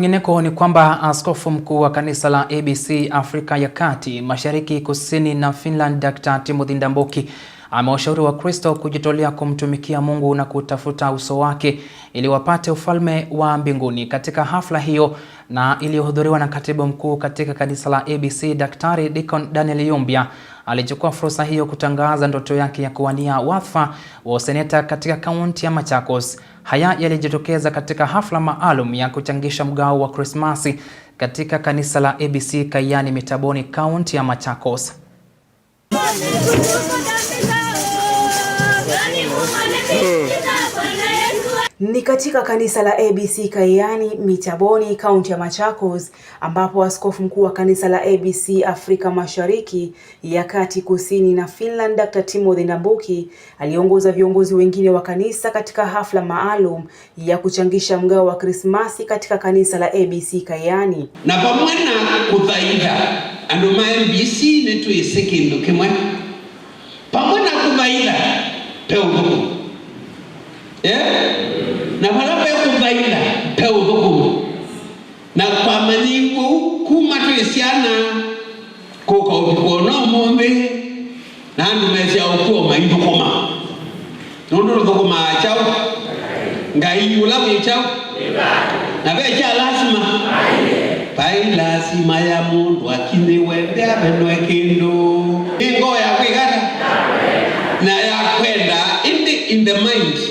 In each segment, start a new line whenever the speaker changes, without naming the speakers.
Kwingineko ni kwamba askofu mkuu wa kanisa la ABC Afrika ya Kati, Mashariki, Kusini na Finland, Dr. Timothy Ndambuki amewashauri Wakristo kujitolea kumtumikia Mungu na kutafuta uso wake ili wapate ufalme wa mbinguni. Katika hafla hiyo na iliyohudhuriwa na katibu mkuu katika kanisa la ABC Daktari Deacon Daniel Yumbya alichukua fursa hiyo kutangaza ndoto yake ya kuwania wadhifa wa useneta katika kaunti ya Machakos. Haya yalijitokeza katika hafla maalum ya kuchangisha mgao wa Krismasi katika kanisa la ABC Kayani Mitaboni, kaunti ya Machakos. Hmm. Ni katika kanisa la ABC Kaiani Mitaboni, kaunti ya Machakos, ambapo askofu mkuu wa kanisa la ABC Afrika Mashariki ya Kati, Kusini na Finland, Dr. Timothy Ndambuki aliongoza viongozi wengine wa kanisa katika hafla maalum ya kuchangisha mgao wa Krismasi katika kanisa la ABC Kaiani.
na pamoja na kuthaitha andu ma ABC netu isekindu kimwe pamoja na kuthaitha siana kuka upikuona omumbi nandu mesia ukuoma ithukuma nundu ruthukumaa chau ngai ula wi chau na cha lazima pai lazima ya mundu akinyiwe ndeavenwe kindu ingo ya kwigana na ya kwenda in the mind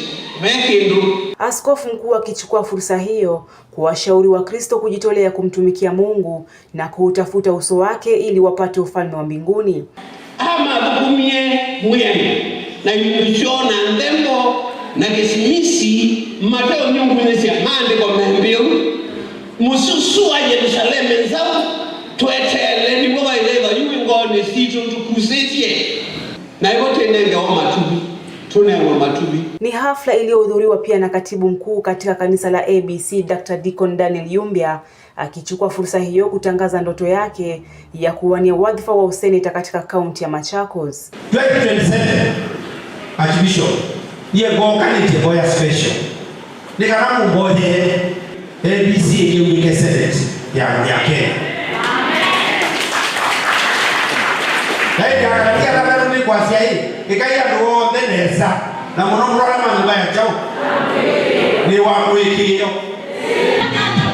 Askofu mkuu akichukua fursa hiyo kuwashauri Wakristo kujitolea kumtumikia Mungu na kuutafuta uso wake ili wapate ufalme wa mbinguni.
ama vukumie mwene na imucho ndembo na kesimisi mateo nyungu nyungunesia amande kwa mususu wa Yerusalemu nzao mwa tweteleni wowaileva ngone situ ntukusetie na tendenge wa matubi
ni hafla iliyohudhuriwa pia na katibu mkuu katika kanisa la ABC Dr. Deacon Daniel Yumbya akichukua fursa hiyo kutangaza ndoto yake ya kuwania wadhifa wa useneta katika kaunti ya Machakos.
ABC que wasiai ikaiyatuothe nesa na muno murora mang'uga ni